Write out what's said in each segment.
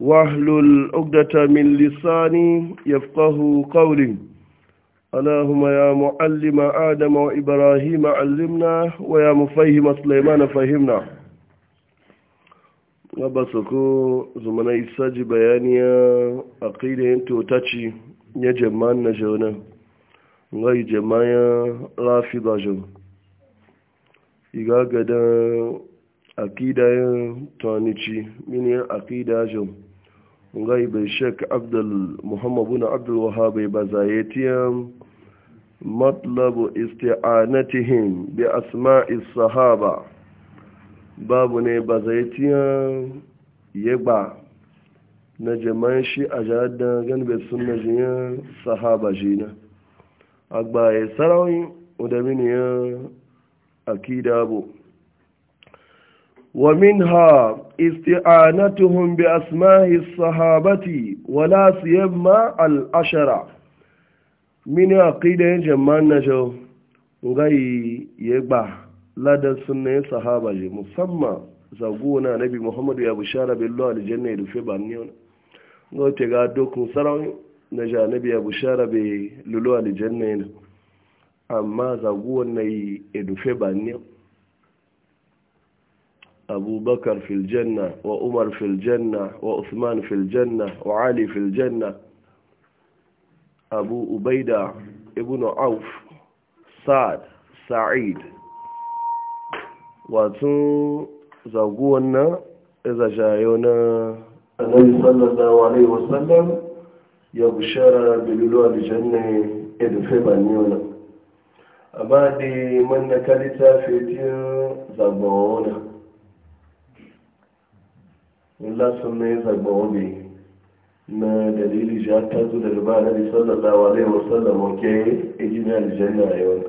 واهل العقدة من لساني يفقه قولي اللهم يا معلم آدم وإبراهيم علمنا ويا مفهم سليمان فهمنا gabasako zumana isa ji bayaniya a ƙidayen totaci ya jaman na jaunan ngai jamaya rafi ba akidayen tanici mini akidajin ngai bai shek abdul muhammadu na abdul wahabai ba zayetiyan matlabu isti'anatihim bi asma'i sahaba babu ne ba zayetiyan yagba na jaman shi a jihadar bai sun na jiyan sahaba jina agbaye sarawin udamini ya akida bu ومنها استعانتهم بأسماء الصحابة ولا سيما العشرة من عقيدة جمان نجو غي يبع لدى سنة صحابة مسمى زوجونا نبي محمد يا بشارة بالله لجنة في بانيون غوتي غادوك مسراوي نجا نبي يا بشارة بالله الجنة أما زوجونا يدفع بانيون أبو بكر في الجنة وأمر في الجنة وأثمان في الجنة وعلي في الجنة أبو أبيدة ابن عوف سعد سعيد واتن زوجونا إذا جايونا النبي صلى الله عليه وسلم يبشر بلولو الجنة إذ في بنيونا أما دي من كالتا في تين زبونا illa sun ne zagba wabe na dalili shi ta zu daga ba na sallallahu alaihi wasallam ke ijina aljanna yau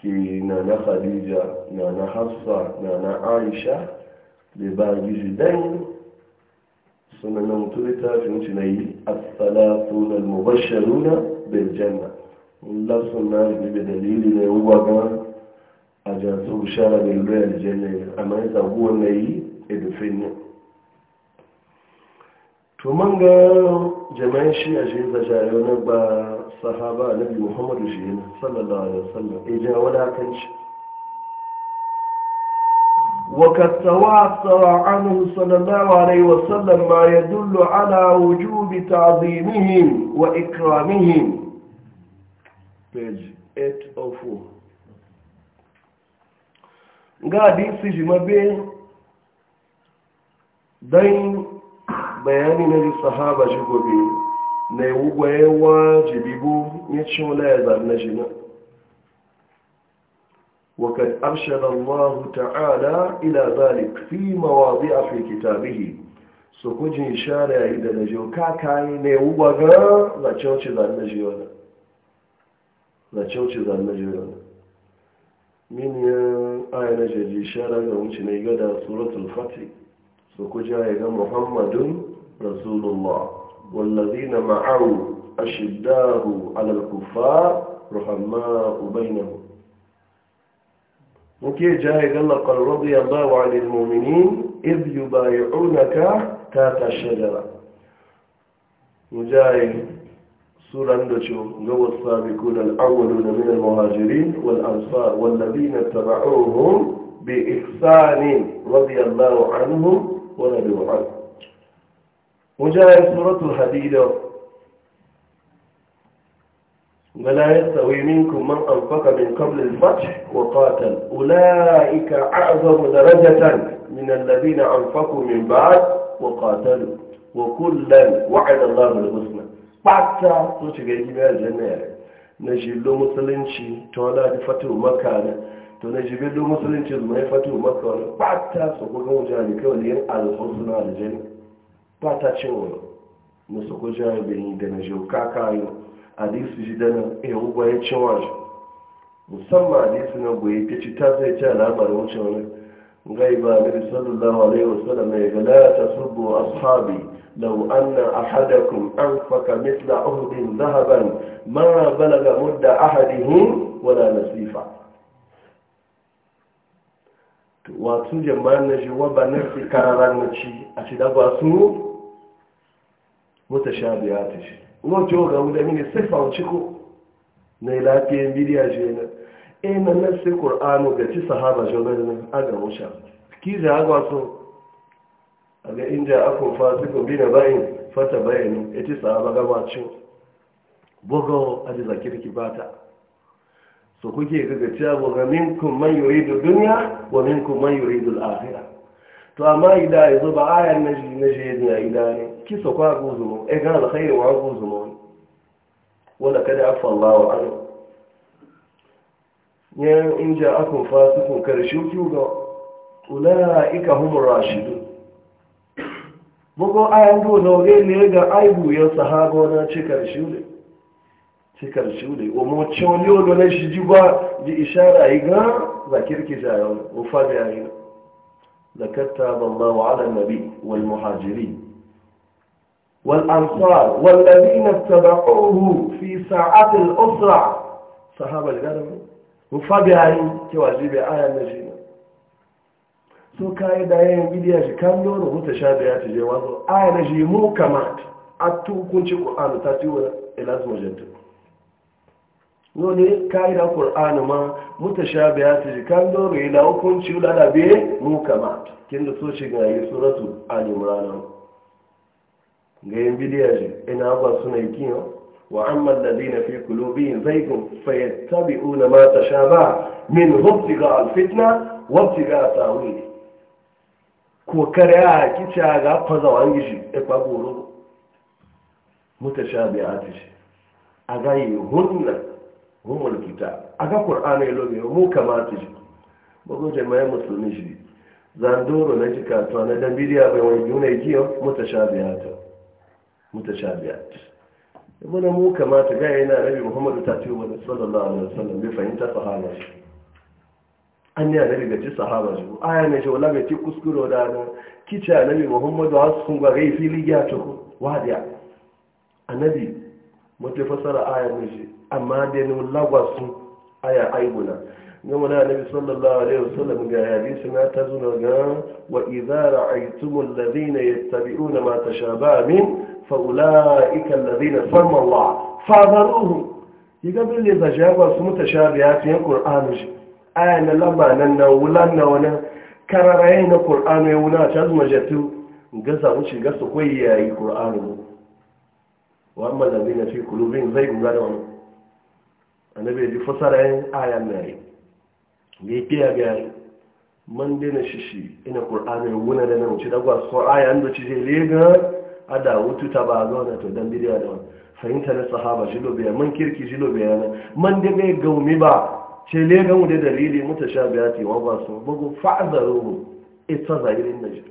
ki na na khadija na na hafsa na na aisha da ba gizi dan suna na mutu ta fi wuce na yi as-salatu lal mubashsharuna bil janna illa sun na da dalili ne uwa ga a jansu bishara bil aljanna amma ya zagu wannan yi finni to man ga jama'in shi a shi zajayo na ba sahaba na bi muhammadu shi ne sallallahu alaihi wasallam e jiya wadatanci wakattawa tsawa anu sallallahu alaihi sallar ma ya dullo dullu ala ta tazimihim wa ikramihim page 804 ga disi jimabe don bayani na sahaba shi gobe na yi gwayewa jibibu ya ci wula ya zarna shi na wakad arshada ta'ala ila zalik fi mawazi a fi kitabihi su kujin share ya da na jiyo kakayi na yi ga zace wuce zarna shi wani min ayyana shara ga wuce na yi gada suratul fatih سكجاي محمد رسول الله والذين معه أشداه على الكفار رحماء بينهم وكي جاي قال رضي الله عن المؤمنين إذ يبايعونك تاتا الشجرة وجاي سورة ندشو جو السابقون الأولون من المهاجرين والأنصار والذين اتبعوهم بإحسان رضي الله عنهم ونبي محمد وجاء سورة الحديد ولا يستوي منكم من أنفق من قبل الفتح وقاتل أولئك أعظم درجة من الذين أنفقوا من بعد وقاتلوا وكلا وعد الله الحسنى بعد سوشي جيبها الجنة نجي له مسلمشي تولى دفتر مكانه to na shi bidu musulunci mai fatu maka wani bata su kuka wujen da kawai yin alhussu na aljani bata cewa na su kuka bin da na shi kaka yi disu ji dana iya ugwa ya cewa shi musamman disu na goyi ta ci ta zai ci alamar wuce wani gaiba nabi sallallahu alaihi wasallam ya ga la tasubbu ashabi لو أن أحدكم أنفق مثل أهد ذهبا ما بلغ مد أحدهم ولا نصيفا wasu jama'an na shi ba na fi kararar na ci a ci da ba su mota sha biya ta shi kuma ce wa gamu da mini sai fahimci ko na lafiyan bidiya shi na e na na kur'anu ga ci sahaba shi wani na aga musha ki za a gwa so a ga inda akwai fasikun bi na bayan fata bayan ya e ci sahaba gaba cin bugawa a jizakirki ba ta To kuke daga cewa wa minkum man yuridu dunya wa minkum man yuridu al-akhirah to amma ida yazo ba ayan naji naji na ida ne kisa kwa guzumo e eh, ga alkhair wa guzumo wala kada afa Allah wa anhu ya in ja'akum fasiqun karshu kuga ulaika humur rashidun bugo ayan do no ga aibu ya sahabo na cikar karshu فكر شودي وموتشون يقولوا ليش جيبا دي إشارة إيجان ذاكر كجاون وفاجع إيجان لكتب الله على النبي والمهاجرين والأنصار والذين اتبعوه في ساعة الأسرع صحابة الجرم وفاجع إيجان كواجب آية النجيمة سو كاي داين بيدي اجي كام يور هو تشابهات جوازو اي نجي مو كمات اتو كنتي قران تاتيو الى زوجتكم nole kaida qur'ani ma ta jikan dore da hukunci lalabe, be mu kama kin da so shi ga yi suratu ali imran ga yin bidiya ji ina ba suna yi kiyo wa amma alladhina fi qulubihim zaygun fayattabi'una ma tashabaha min ga alfitna wa ga tawil ko kare a kicha ga faza gishi e kwa goro shi. a ga yi hunna rumul kita aga qur'ana yelo be mu kamata shi bago jama'a musulmi shi zandoro na jika to na da bidiya bai wani yuna kiyo ta mutashabiyat ibuna mu kamata ga yana nabi muhammadu ta ce wa sallallahu alaihi wasallam bai fahimta sahaba shi an yi anabi gaji sahaba shi aya ne shi wala bai ci kuskure da na kici anabi muhammadu har sun ga gai fili ya to wadiya annabi mutu fasara aya miji amma da ni lagwasu aya aibuna ga wani annabi sallallahu alaihi wasallam ga hadisi na ta zuna ga wa idza ra'aytum alladhina yattabi'una ma tashabaha min fa ulaika alladhina sama Allah fadharuhum yiga bille da jaba su mutashabihati yan qur'ani shi aya na lamba nan na wulan na wani kararayen na qur'ani ya wuna ta zuma jatu ga sa wuce ga su koyi yayi qur'ani wa amma lazina fi qulubihim zaygun ga da wannan annabi ji fasara yin ayan nan ne ke ya ga man na shishi ina qur'ani wuna da nan ci dagwa so ayan da ci je lega ada wutu ta ba zo na to dan bidiya da fahimta na sahaba jilo biya man kirki jilo biya na man da bai gaumi ba ce lega mu da dalili mutashabiyati wa ba so bugu fa'zaruhu ita zahirin najir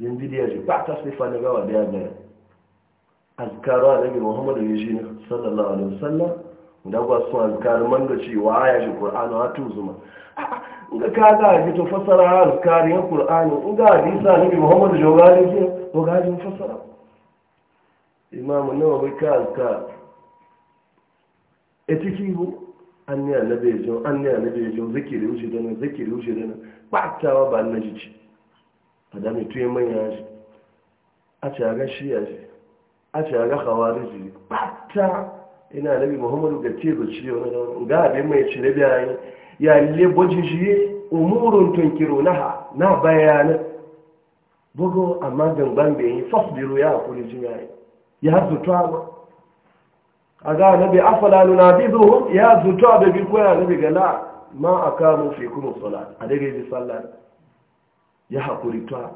yin bidiya ji ba ta sifa da gawa da ya azkaru a nabi muhammadu ya shi sallallahu alaihi wasallam da ba su azkaru man da cewa aya shi qur'anu tu zuma ga ka ga ji to fasara azkaru ya qur'anu ga hadisa nabi muhammadu jawari ke to ga ji fasara imamu nawawi ka azkaru etiki bu an ne annabi ya jiyo an ne annabi ya jiyo zikiri wuce da nan zikiri wuce da nan ɓatawa ba na ji ci a da mai tuye manya shi a ce a ga shi ya ce a shaga hawariji bata ina nabi muhammadu ga ce da ciyo ga abin mai cire bayan ya leboji shi umurun tunkiro na ha na bayanin bugu amma gangan da yi fasbiru ya hakuri jima'i ya zutuwa ba a ga nabi afalalu na bizu ya zutuwa da bi koya nabi ga la ma a kamo fi kuma salat a daga yi sallar ya hakuri tuwa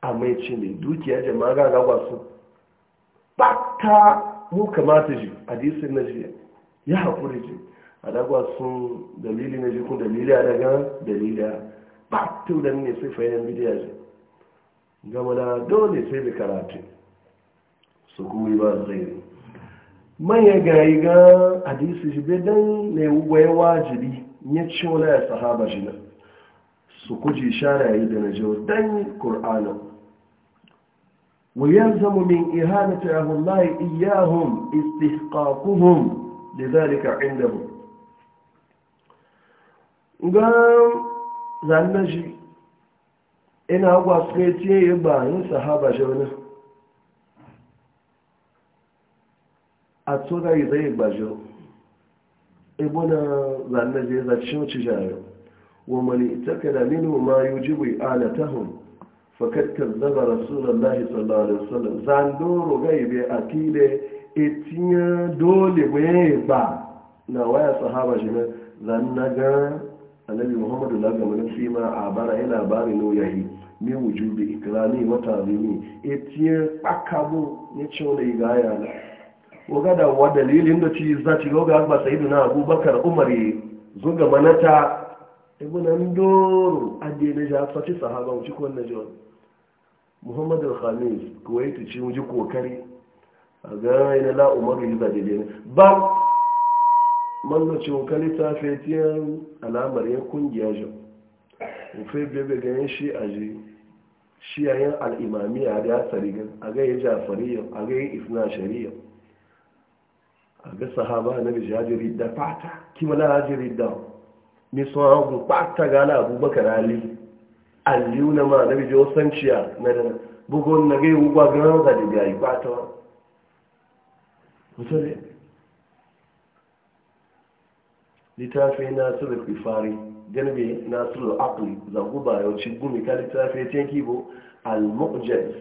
a mai cire dukiya jama'a ga gagwasu bata mu kamata ji disin na jiya. ya haƙuri ji a dagwa sun dalili na ji kun dalili a daga dalili a bata da ne sai fayyar bidiyar ji gama na dole sai da karatu su kuma ba zai manya gari ga hadisi ji bedan ne wai wajibi ya ci wani ya sahaba shi na su kuji shara yi da na ji dan kur'anin ويلزم من إهانة أهل الله إياهم استحقاقهم لذلك عندهم قام زنجي ina agwa tsaye ya bayan sahaba shauna a tsora yi zai gbajo ibuna zanne zai zacin cijayo wa mani itaka da minu ma yi jibu anatahun zaba rasulun lahi sallallahu alaihi wasallam zan doro a kile etinya dole boye ba na waya sahaba shi ne zan naga annabi muhammadu la ga fi ma abara ila bari no yayi mi wujubi ikrami wa tazimi etinya pakabu ne chole igaya na waga da wa dalilin da ci zati loga ba na abubakar umar zuga manata ibn andoro adina ja fati sahaba wuci ko na muhammadu al-khamis ta ci mu ji kokari a ga na la'umar yi zaɗe ne ba mallacin ci kokari ta fetiyar alamar yin kungiyar jan ufe bebe ganin shi a ji shi yayin al'imami a da ya tsari gan a ga yi jafariyar a ga yi isna shari'a a ga sahaba na da jajiri da fata kima na da nisan hagu fata gana abubakar ali aliyu na ma nabi jo sanciya na da bugun na gai ugwa ganin za da biya yi ba ta mutane littafi na sulul kifari ganibe na sulul akli zagu ba yau ci gumi ka littafi ta yanki bo al-mu'jaz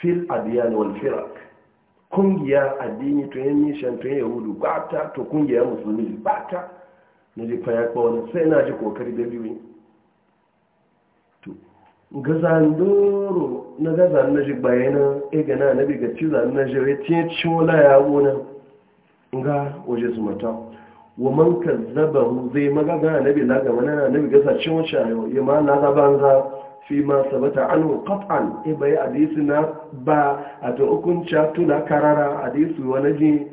fil adiyan wal firak kungiya addini to yin nishan to yin yahudu ba ta to kungiya musulmi ba ta na ji fayakpa wani sai na ji kokari da biyu gazan doro na gazan na ji bayanan egana na biga cizan na jire tiye ciwola ya wuna ga waje su mata wa man kazzaba hu zai magaga na bi laga mana na bi gasa cin wace ayo ya ma na banza fi ma sabata anhu qat'an e bai hadisi na ba a to hukunta tuna karara hadisi wani ji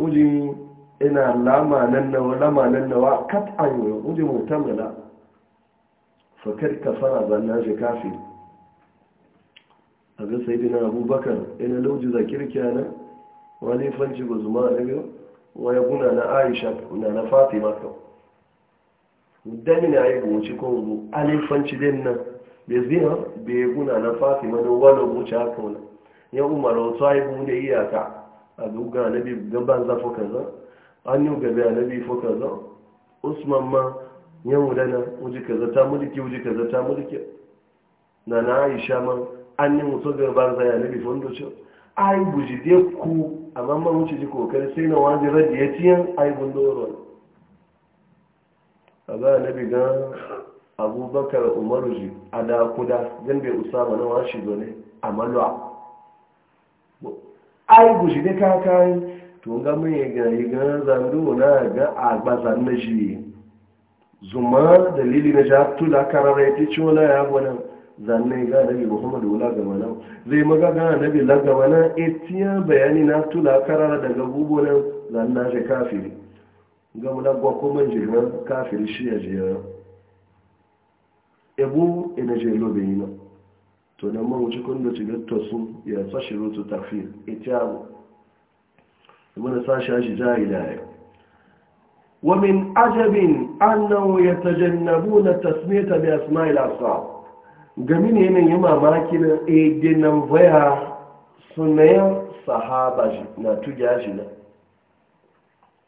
wujin ina lama nan na lama nan na wa qat'an wujin mutamala fakar kafara zanna nashi kafi a ga sai dina abubakar ina lauji za kirki ana wani fanci ba zuma na biyu wani guna na aisha na na fatima kan damina ya gumuci kan bu alifanci din nan bai zina bai guna na fatima don wani wuce haka wani ya umaru wasu haihu ne iyaka a duga na bi gaban zafi kaza an yi a na bi fo kaza usman ma yan wudana wuji kaza ta mulki wuji kaza ta mulki na na aisha man an yi mutu ga ba zaya na bi fondo ce ai buji dai ku amma ma wuce ji kokari sai na wani radi ya tiyan ai gundoro kaga nabi ga abubakar umaru ji da kuda zan bai usama na washi dole amalwa ai buji dai kakai to ga mun yi ga ga zandu na ga agba na shi zuma dalili na ja tula karara ya tici wala ya wani zanne ga nabi muhammadu wala ga mana zai maga ga nabi la ga mana etiya bayani na tula karara daga gugu nan zanna je kafiri ga mula gwa ko man je na kafiri shi ya jira. na ebu ina je lobe yi na to nan man wuce kun da ci gatto sun ya sashi rutu tafir etiya mu mana sashi shi jahila ya ومن عجب annahu yatajannabuna tasmiyata bi asma'il asab gami ne nan yi mamaki na ege nan sunayen sahaba na tuja shi na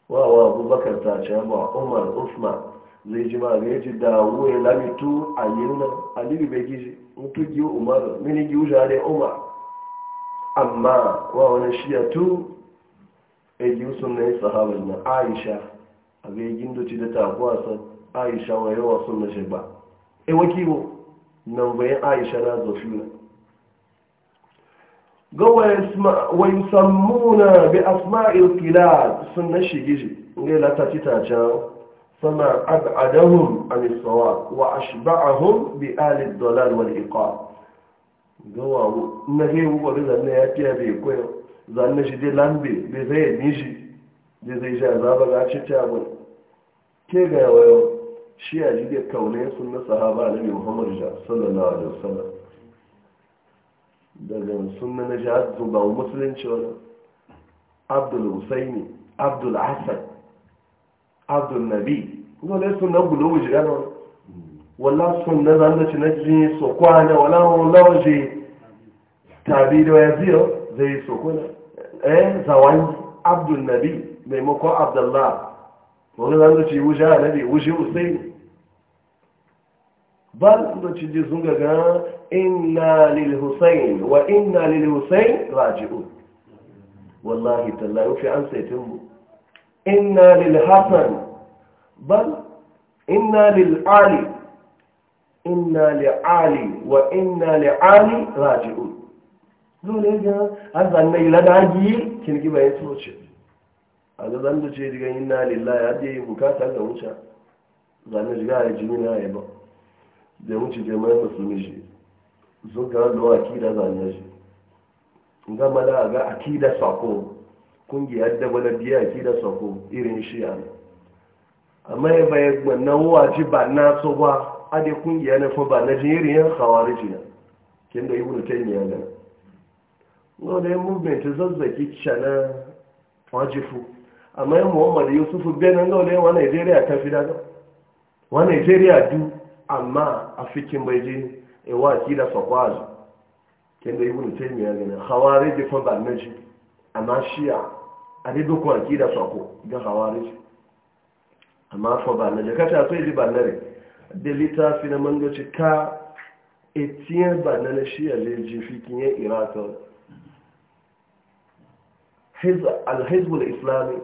wawa abubakar ta ce ba umar usman zai ji ma ga ji da wuya lamitu a yi na alibi bai gizi mutu gi umar mini gi wuja umar amma wawa na shiyatu ege sunayen sahaba na aisha a ya yi doci da takuwa sun aisha wa yawa sun na shi ba e wakibo nan bayan aisha na zafi na ga wa na bi asma'il Kila sun na shigiji ne latafi ta can ba a عن bi alif dolar wal والإقام gawa na zai wuwa da zanne ya fiye bai koya zanne shi dai lambe bai zai nishi da zai ja zaba ga ci tabon ke ga wayo shi a ji da kaune sun na sahaba na bi muhammadu ja sallallahu alaihi wasallam daga sunna na ja zuba musulunci wani abdul husaini abdul hasan abdul nabi kuma dai sunna gudu wujiga na wani wala sunna zan da ci na ji so kwana wala wala waje tabi da ya zai so kwana eh zawangi abdul nabi maimakon abdullah wani zan da ci wuce a nabi wuce usaini ba da ci ji sun gaga inna lil husain wa inna lil husain raji'un wallahi tallahi fi an saitin mu inna lil Hassan, bal inna lil ali inna li ali wa inna li ali raji'un dole ga an zanna ila da gi kin giba ya tsoce a da ce digan yin inna lillahi hadi yi bukata ga wuce zane shiga a jini na ya ba da wuce da mai musulmi shi sun ga da akida zane shi ga mala a ga akida sako kungiyar da wani biya akida sako irin shi a amma ya bayan wannan ji ba na so ba a da kungiya na fa ba na irin yan khawariji na kin da ibnu taymiya ne wanda ya movement zazzaki cana wajifu amma yin muhammadu yusufu nan gaule wa nigeria ta fi daga wa nigeria du amma a fikin bai je ewa kila fakwazu kenda ibn taymiya gane hawari da fa bannaji amma shi'a a dai duk ki da sako ga hawari amma fa bannaji kata sai ba nare da fi na mangoci ka ba bannana shi'a zai ji fikin ya irata hizb al-hizb al-islami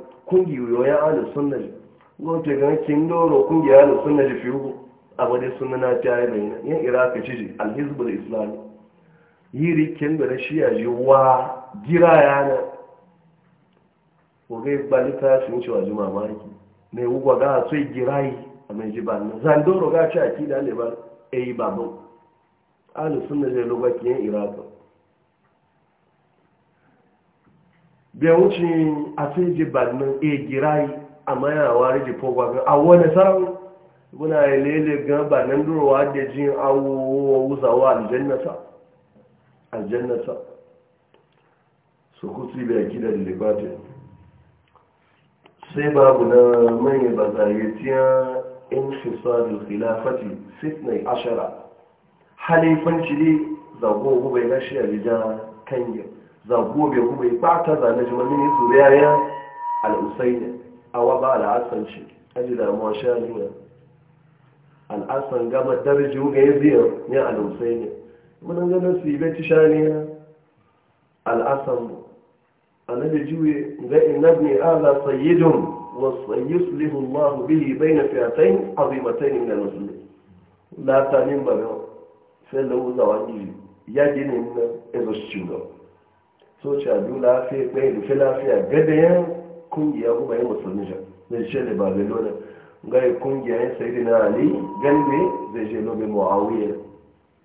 ya ahlus sunna ji wato ga kin doro kungiyoyin ahlus sunna ji fi ugu abade sunna na ta yi bayyana yan iraka ci ji alhizbul islami yiri kin da shiya ji wa gira yana oge balita sun ci wa juma maki ne ugu ga sai girai a mai ji ban zandoro ga ci da ne ba e yi babu ahlus sunna ji lokacin yan iraka bai wucin a sun e, ji bannin e girayi a mayawa rage fogwagon a wani sarar muna yi lele gan bannin durowa da jin awowa wuzawa aljannata aljannata su kusi da gida da libatin sai babu na manyan bazariyar in fisadul khilafati fitnai ashara halifanci ne zagogo bai rashi a rija kan yau zanku bai kuma ta zane shi wani ne zuriya ya al'usaini awa ba al'asan shi aji damuwa shi a nuna al'asan gama darji ga ya biya ya al'usaini muna gana su yi bai sha ne al'asan mu A da juye ga inabni wasu sayyidun wa sayyuslihu Allah bihi bai na fi'atayn azimatayn min al-muslimin la tanin ba sai lawu zawani ya gine na ezo shi soci a biyu lafiya ɗaya da fi lafiya gadayen kungiya kuma yin musulmi jan zai ce da babilona kungiya kungiyayen sai na ali gande zai ce lobe muawiyar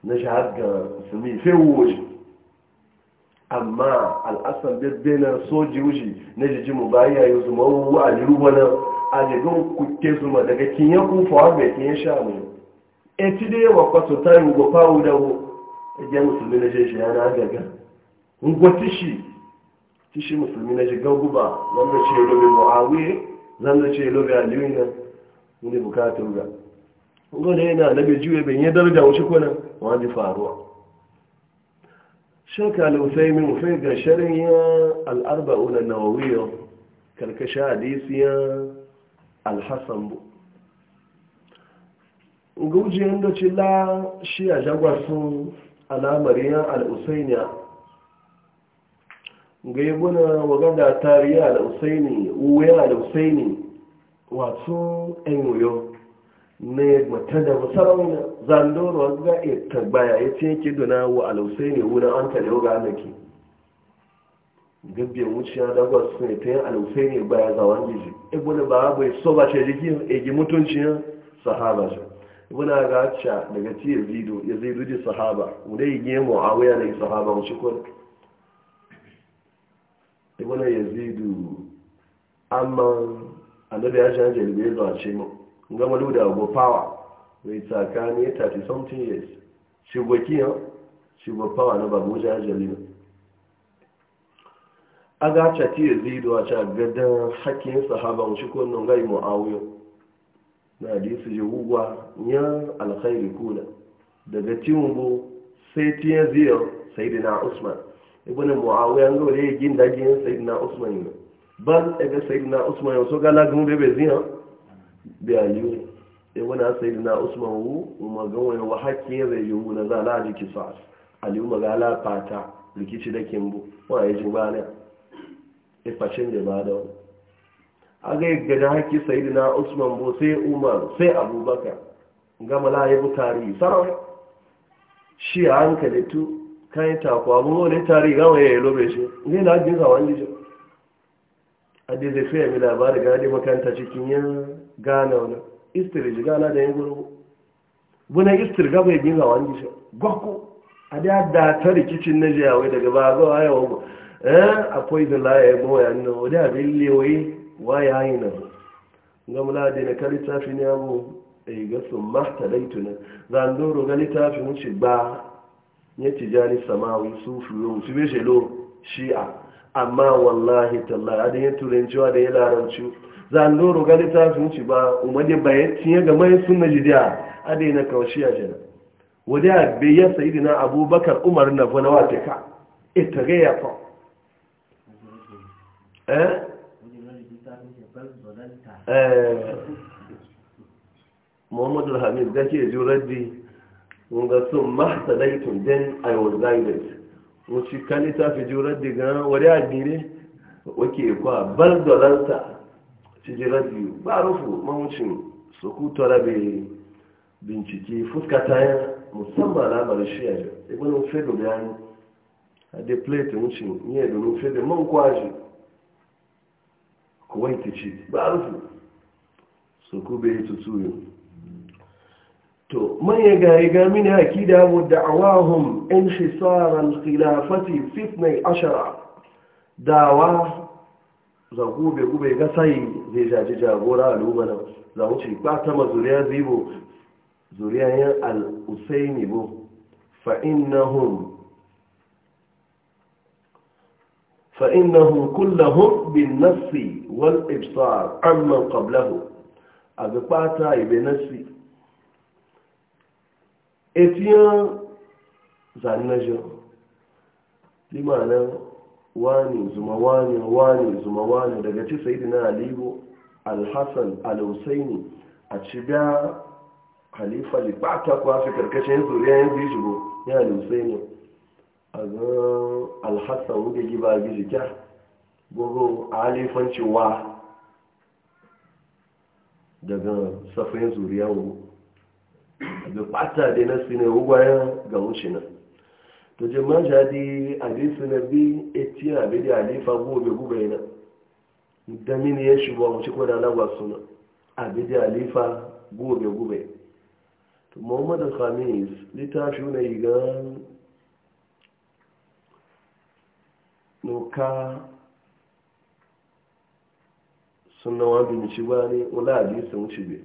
na shahar ga musulmi fi wuce amma al'asar na soji wuce na jiji mu baya yi zuma wuwa a liruwa na ajiyar kuke zuma daga kinye kufa ya kinye sha mai eti dai da yawa kwaso ta yi gofa wuda wu ya e musulmi na jeshi yana agaga ngwa tishi tishi musulmi na shiga guba zanda ce lobe mu'awiyar zanda ce lobe aliyuna na wani bukatun ga ngwa da yana na bejiwe bai yi daraja wuce kwanan wani faruwa shaka usai min fai ga al'arba al'arba'una na wawiyar karkashin hadisiyar alhassan bu gaujiyar da ce la shi a jagwasun ya al'usainiya ga yi guna wagada tariya da usaini uwaya da usaini wato enyoyo ne mata da musarauna zandoro ga ya baya ya ce yake duna wa al'usaini wuna an ta da yoga annaki gabbe wuciya da gwas ne ta yin al'usaini baya zawon gizi ibuna ba abu ya soba ba ce jiki egi mutuncin sahaba shi ibuna ga ca daga ci yazidu yazidu ji sahaba wanda yi gemu a wuya da sahaba wuce kwanci ibn yazidu amma annabi ya shi hajjali bai zuwa ce mu gama da go power mai tsakani 30 something years shugwa kiyan shugwa power na babu wajen hajjali ne a ga cati yazidu a ca gadon hakkin sahaban shi ko nan gai mu'awiyo na hadisi jihuwa ya alkhairi kula. daga tinubu sai tiyan ziyar sai na usman ibn muawiya ngo re gin da gin na usman ne bal ega na usman so gala gumu bebe zinya bi ayu e wana na usman wu umma ga wani wa hakki re yu na za la ji kisas ali umma ga la fata rikici da kimbu wa ya ji ba ne e facin da ba da aga ga da hakki na usman bo sai umar sai abubakar gama la yabu tarihi sarawai shi a hankali tu kayan takwa abin ne tari gama ya yi lobe shi ne na ajiyar zawon A adi zai fiye mai labari ga adi makanta cikin yin gana wani istiri ji gana da yin gurgu buna istir gaba yin zawon jijo gwakko adi adda ta kicin na jiyawai daga ba ga waya wago eh akwai da laye ya goma yan nan wani abin lewaye waya yi nan gamla da na kalita fi ne abu eh, a yi gasu mahtalaitu nan zandoro ga littafin ci ba nye tijani samawi sufi yau su bishe lo shi'a amma wallahi tallahi adin ya turancewa da ya loro gani ta sun ci ba umarni bayan cinye ga mai sunna jidiya adin na kawashi a jana wadda ya ya sayi na abubakar umar na fana wata ka ita ga ya fa eh muhammadu hamid gake ji raddi nga so mahtadaitun then i was guided wuci ci kalita fi jurar diga wari addini wake kwa bal dolanta ci jurar biyu ba rufu mawucin kuto rabe bincike ta ya musamman labarin shiya ibn fedo da yanyi a da plate wucin iya domin fedo man kwaji kuwaiti ci ba rufu su bai tutu yi. to man ya gaya ga mini akida mu da'awahum inhisar al-khilafati fitnai ashara dawa za gube gube ga sai zai jaji jagora al'umma za mu ci ba ta mazuriya zibo zuriyan al-usaini bo fa innahum fa innahum kulluhum bin nafsi wal ibsar amma qablahu a ga kwata ibe nafsi etiyan zannajo mana wani zuma wani wani zuma wani daga ci sai dina alibu alhassan alhussaini a ci biya halifa libata kuwa su karkashin zuriya yin zijigo ya alhussaini a zan alhassan wuge giba gijikya gogo a halifanci wa daga safin zuriya wu da bata da na sine ugwayen ga wuce nan to jama'a jadi hadisi na bi etiyan abin alifa gobe gube na da mini ya shi bawa ci kwada lagwa suna abin alifa gobe gube to muhammadu khamis littafi na igan ga nuka suna wa bin ci ba ne wala hadisi wuce biyu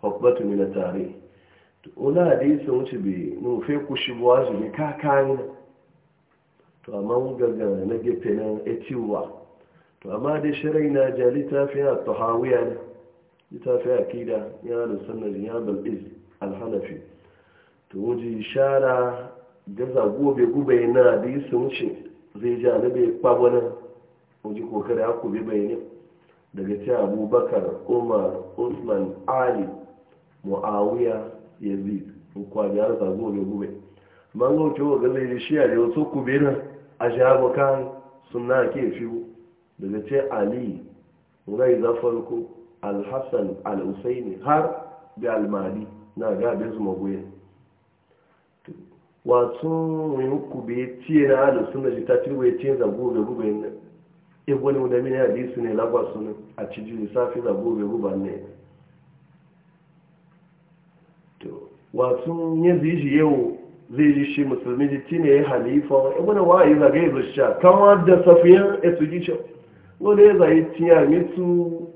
hubbatu mina tare da wani sun wuce bai nufe ku shi buwa su ne kakani to amma gaga na gefe nan etiwa to amma dai shirai na ta littafi a tahawiya ne littafi a kida ya lusannar ya balbiz alhanafi to wuji shara gaza gobe gube na sun wuce zai ja na bai kwabonan wuji kokari aku bai bayanin daga ce abubakar umar usman ali mu'awiya yazid kwabi da sa zuwa da gube man ga wuce wa zai shi a yau so a shago kan suna ke fi daga ce ali rai za farko alhassan al-husaini har da almadi na gabe su magoya wato mai hukube ciye na da suna ji ta wai ciye zago gube ibn udami ne hadisi ne lagwa sunan a cikin lissafi da gobe guba ne to wasu yin zai yau zai ji shi musulmi ji ti ne halifa ibn e, wa'i zagaye zusha kama da safiyar esujishin wanda ya zai tiya mitu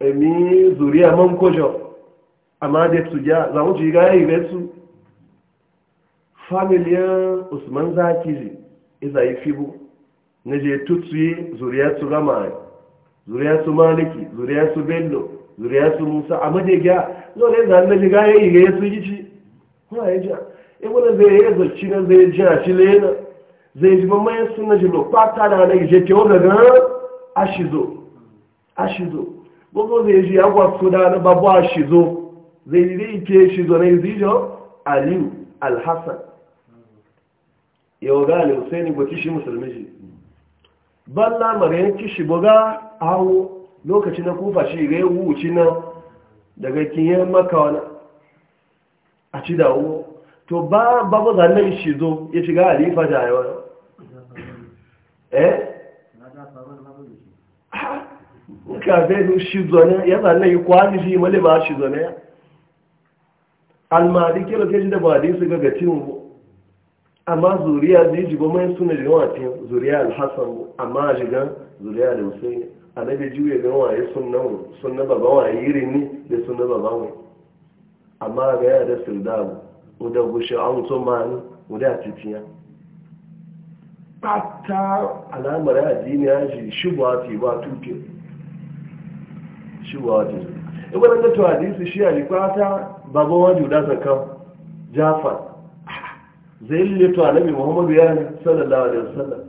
emi zuriya man kojo amma da su ja za mu ci gaya ga su familiyar usman zaki e fi fibu na je tutsuye zuriyarsu gama zuriyarsu maliki zuriyarsu bello zuriyarsu musa a majega zo ne zan na shiga ya yi ya su gici kuna ya ja e eh, wala zai ya zarci na zai ji a chile na zai ji mamman sun na jilo kwata da na gije ke wanda ga ashizo ashizo gbogbo zai ji ya gwa su da na babu ashizo zai yi zai ke shizo na izijo aliyu alhassan yau ga aliyu sai ni gwaci shi musulmi shi ban lamarin ci shi buga awo lokaci na kufa shi ga yi wuci nan daga kiyan maka wani a ci dawo to ba babu zannan shi zo ya shiga halifa da yawa eh kafin yi shi zone ya zannan yi kwani shi mali ba shi zone almadi kira shi da ba su ga gatin amma zuriya zai ji goma suna da yawa fiye zuriya alhassan amma a shiga zuriya da musulmi a na da juya ga waye sunna baba waye yiri ne da sunna baba mai amma ga ya da sirdabu wadda gushe an mutum ma ni wadda titiya ɓata alamar addini ya shi shubwa ce ba tuke shubwa ce ibadan da tuwa hadisi shi a jikwata baban wajen da zakan jafar zai lito annabi muhammadu ya sallallahu alaihi wasallam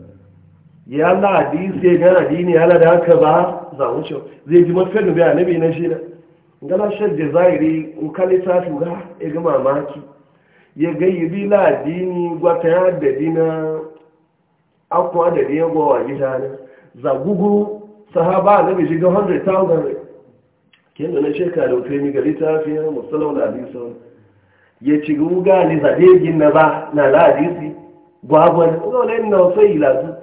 ya la hadisi ga addini ala da haka ba za mu ce zai ji mafaka biya annabi na shi da shan da zahiri in kalita su ga ya ga mamaki ya ga bi la dini gwata ya da dina akwa da ya gowa wa gida ne za gugu sahaba annabi shi ga 100000 kenan na shekaru da wuce ni ga litafiya musallallahu da wasallam ya ci ruga ne zaɓe gin na ba na ladisi gwagwan zaune na wasu ilazu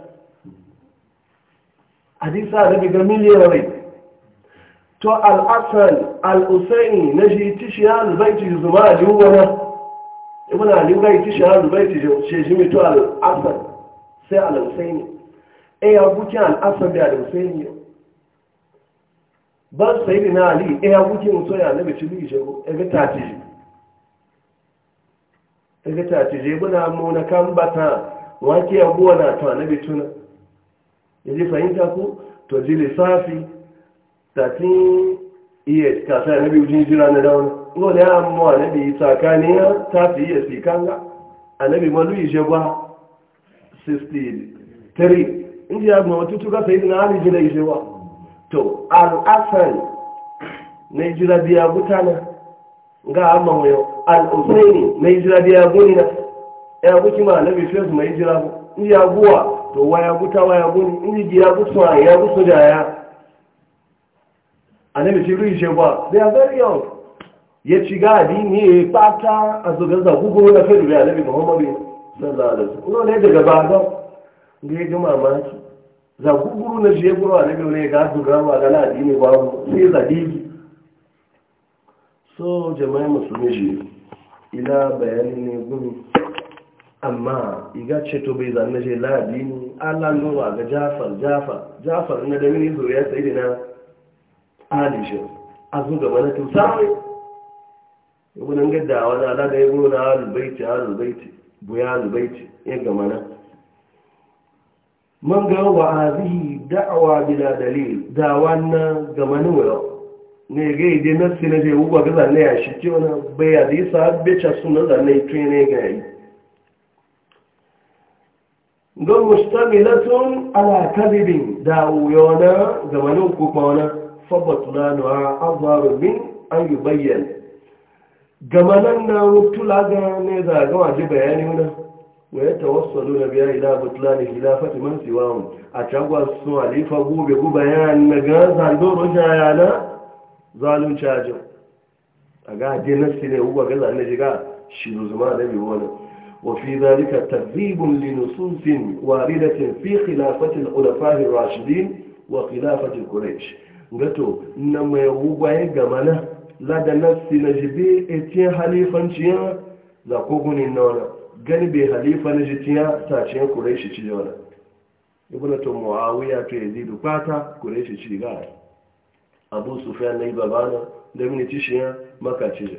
hadisa da biga miliyan rai to al'asar al'usaini na shi shi ya zubai ci zuma a jiwu wani ibn ali ci shi ya zubai tishi shi shi to al'asar sai al'usaini e ya buki al'asar da al'usaini ba su sai na ali e ya buki mutu ya nabi cibi shi e ga ta tishi daga ta ce je buna muna kan bata wake ya buwa na to annabi tuna yaji fahimta ku to ji lissafi 13, years iya ta sai annabi ujin jira na dawo ngo ne amma annabi tsakaniya ta fi iya sikanga annabi malu ije gwa 63 inji ya ma wata tuka sai na ali jira ije wa to al asan na jira biya gutana Nga amma wayo al-usaini mai jira da ya guni na ya guki ma nabi fiye su mai jira ku in ya guwa to waya guta waya guni in ji ya gusu a ya gusu da ya annabi shi ruhi shi ba they are very young ya ci gadi ne ya fata a zuga zagu ko na fere da annabi muhammadu sallallahu alaihi wasallam ne daga baba ga ya gama e maki zagu guru na shi ya e guru annabi ne ga zuga ma da na addini babu sai zadiki so jama'i masu shi ila bayani ne gumi amma iga ce to bai zane ce labi ne allah ga jafar jafar jafar na da mini zuriya sai da na alishe a zo gaba na nan gada a wani alaga ya gona alubaiti alubaiti buya alubaiti ya gama na man ga wa azihi da'awa bila dalil da wannan gama ni wa yau ne ga ide na sina je uba ga zanne ya shi ke wani bai hadisa becha suna zane tuyi ne ga yi ga mustamilatun ala kadibin da uyona ga wani kuma wani fabatuna na azaru an yi bayyana gama nan na mutula ga ne za waje bayani wani waya tawassalu na biya ila butlani khilafati man siwahum a cagwa su alifa gube gubayan na ga zandoro shayana zalunci ajin a ga haɗe nassi ne hukwa gaza ne shiga shi zuzuma da bi wani wafi zalika tarzibin da waridatin fi khilafatin ulafahin rashidin wa khilafatin kureish gato na mai hukwa ya gama na lada nassi na ji bi etiyan halifanci ya za kogunin na wani gani bai halifa na ji tiya ta ciyan kureish ci da wani ibnatun muawiya to yazidu fata kureish ci gara abu sufiyan na yi babana da mini tishiya makaci da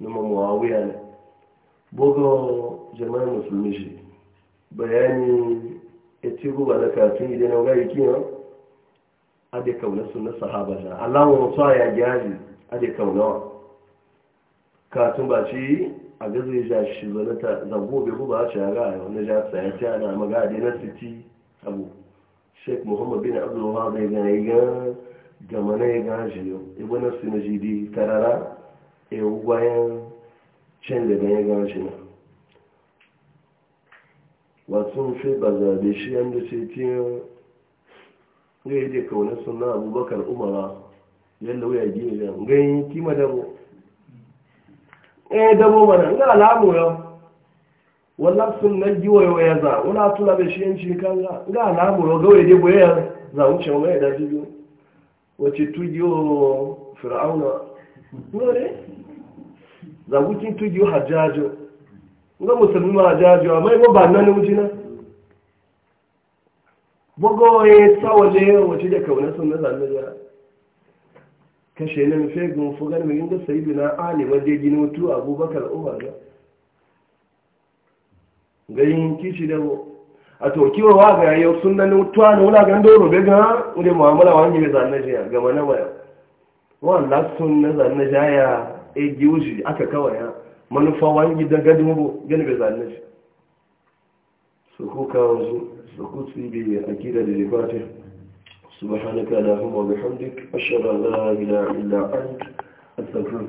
numa muawiya ne bugu jama'in musulmi shi bayani eti guba na katun idan ya gari kiyan ade kauna sun na sahaba na alamun wasu a ya gyari ade kauna katun ba ci a gazi ja shi zanata zango bai guba a shara a yau na ja sayati ana magadi na siti abu sheik muhammad bin abdullahi zai gani gan gamana ya gaji yau ibina su na jidi tarara ya e gwayan can da ya gaji na wasu fi ba zaɓe shi yadda ce ga yi da kaunar abubakar umara yadda wuya gini jan ganyi kima dabo eh dabo mana ga alamu yau wannan sun na yau ya za wani atula shi wacce tugiyo fir'auna nore zagukin tugiyo hajjajo nga musulmi ma hajjajo amma ibo ba nan mujina bogo e sawale wace da kauna sun na zanne ya kashe nan mu fugan mai inda na ali waje gini mutu abubakar umar ga yin kishi da A atokiwa waga yayo sunna ni utwana gan, gando robe ga ule muamala wanyi bezanna je ga mana waya wala sunna zanna jaya e giuji aka kawai ya manufa wani gidan gadi mubo gani bezanna je su ku kawo su su ku a akida da libata subhanaka allahumma wa bihamdik ashhadu an la ilaha illa an astaghfiruka